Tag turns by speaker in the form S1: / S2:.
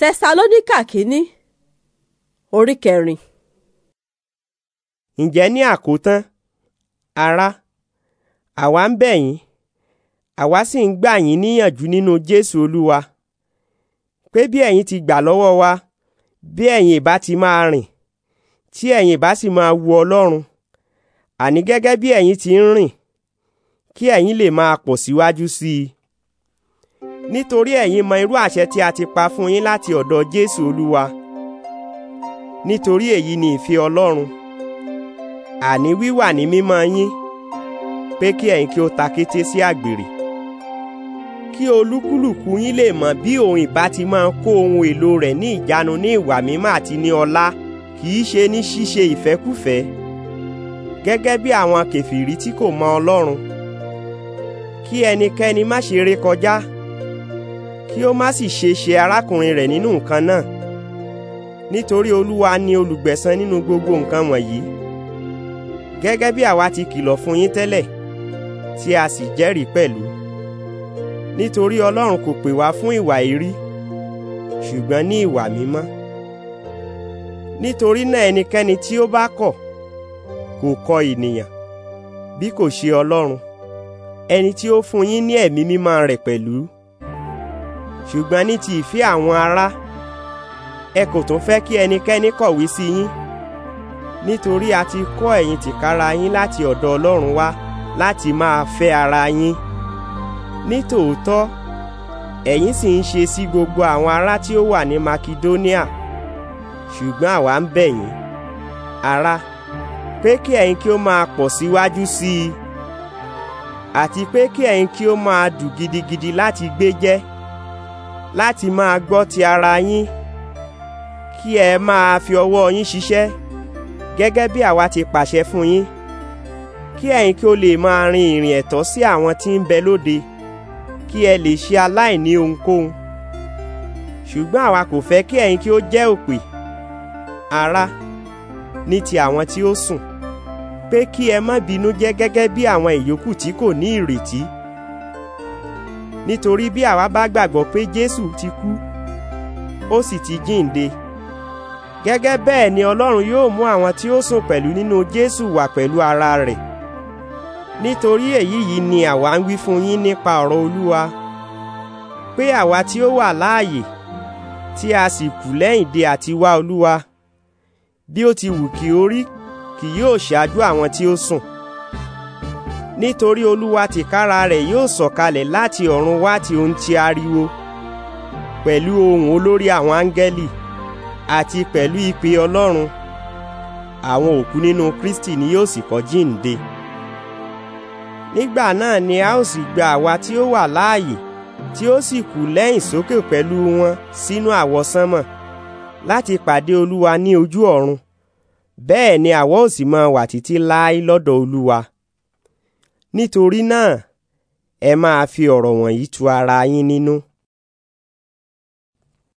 S1: tẹsalóníkà kínní orí kẹrin. ǹjẹ́ ní àkótán ara àwa ń bẹ̀ yín àwa sì ń gbà yín níyànjú nínú jésù olúwa pé bí ẹ̀yin ti gbà lọ́wọ́ wa bí ẹ̀yin ìbá ti máa rìn tí ẹ̀yin ìbá sì máa wu ọlọ́run àní gẹ́gẹ́ bí ẹ̀yin ti ń rìn kí ẹ̀yin lè máa pọ̀ síwájú sí i nítorí ẹ̀yin mọ irú àṣẹ tí a ti pa fún yín láti ọ̀dọ̀ Jésù Olúwa nítorí èyí ni ìfẹ́ Ọlọ́run àní wíwà ní mímọ́ yín pé kí ẹ̀yin kí ó takété sí àgbèrè kí olúkúlùkù yín lè mọ̀ bí òun ìbá ti máa kó ohun èlò rẹ̀ ní ìjánu ní ìwà mímọ́ àti ní ọlá kì í ṣe ní ṣíṣe ìfẹ́kúfẹ̀ẹ́ gẹ́gẹ́ bí àwọn kèfìrí tí kò mọ Ọlọ́run kí ẹnikẹ́ni má ṣe rékọjá kí ó má sì ṣe ṣe arákùnrin rẹ̀ nínú nǹkan náà nítorí olúwa ni olùgbẹ̀san nínú gbogbo nǹkan wọ̀nyí gẹ́gẹ́ bí àwa ti kìlọ̀ fún yín tẹ́lẹ̀ tí a sì jẹ́rìí pẹ̀lú nítorí ọlọ́run kò pè wá fún ìwà èérí ṣùgbọ́n ní ìwà mímọ́ nítorí náà ẹnikẹ́ni tí ó bá kọ̀ kò kọ̀ ènìyàn bí kò ṣe ọlọ́run ẹni tí ó fún yín ní ẹ̀mí mímọ́ rẹ̀ pẹ̀lú ṣùgbọ́n ní ti ìfẹ́ àwọn ará ẹ kò tún fẹ́ kí ẹnikẹ́ni kọ̀wé sí yín nítorí a ti kọ́ ẹ̀yin tìkára yín láti ọ̀dọ̀ Ọlọ́run wá láti máa fẹ́ ara yín nítòótọ́ ẹ̀yin sì ń ṣe sí gbogbo àwọn ará tí ó wà ní Makedonia ṣùgbọ́n àwa ń bẹ̀ yín ará pé kí ẹ̀yin kí ó máa pọ̀ síwájú sí i àti pé kí ẹ̀yin kí ó máa dù gidigidi láti gbé jẹ́ láti máa gbọ́ ti ara yín kí ẹ máa fi ọwọ́ yín ṣiṣẹ́ gẹ́gẹ́ bí àwa ti pàṣẹ fún yín kí ẹ̀yin kí o lè máa rin ìrìn ẹ̀tọ́ sí àwọn tí ń bẹ lóde kí ẹ lè ṣe aláìní ohunkóhun ṣùgbọ́n àwa kò fẹ́ kí ẹ̀yin kí ó jẹ́ òpè ará ní ti àwọn tí ó sùn pé kí ẹ má bínú jẹ́ gẹ́gẹ́ bí àwọn ìyókù tí kò ní ìrètí nítorí bí àwa bá gbàgbọ́ pé Jésù ti kú ó sì ti jíǹde gẹ́gẹ́ bẹ́ẹ̀ ni Ọlọ́run yóò mú àwọn tí ó sùn pẹ̀lú nínú Jésù wá pẹ̀lú ara rẹ̀ nítorí èyí yìí ni àwa ń wí fún yín nípa ọ̀rọ̀ Olúwa pé àwa tí ó wà láàyè tí a sì kù lẹ́yìn dè àti Olúwa bí ó ti wù kí ó rí kì yóò ṣáájú àwọn tí ó sùn nítorí olúwa tìkára rẹ̀ yóò sọ̀kalẹ̀ láti ọ̀run wá ti ohun ti ariwo pẹ̀lú ohùn olórí àwọn áńgẹ́lì àti pẹ̀lú ìpè ọlọ́run àwọn òkú nínú kristi ni yóò sì kọ́ jíǹde nígbà náà ni a ó sì gba àwa tí ó wà láàyè tí ó sì kù lẹ́yìn sókè pẹ̀lú wọn sínú àwọsánmọ̀ láti pàdé olúwa ní ojú ọ̀run bẹ́ẹ̀ ni àwa ó máa wà títí láé lọ́dọ̀ olúwa nítorí náà ẹ máa fi ọ̀rọ̀ wọ̀nyí tu ara yín nínú.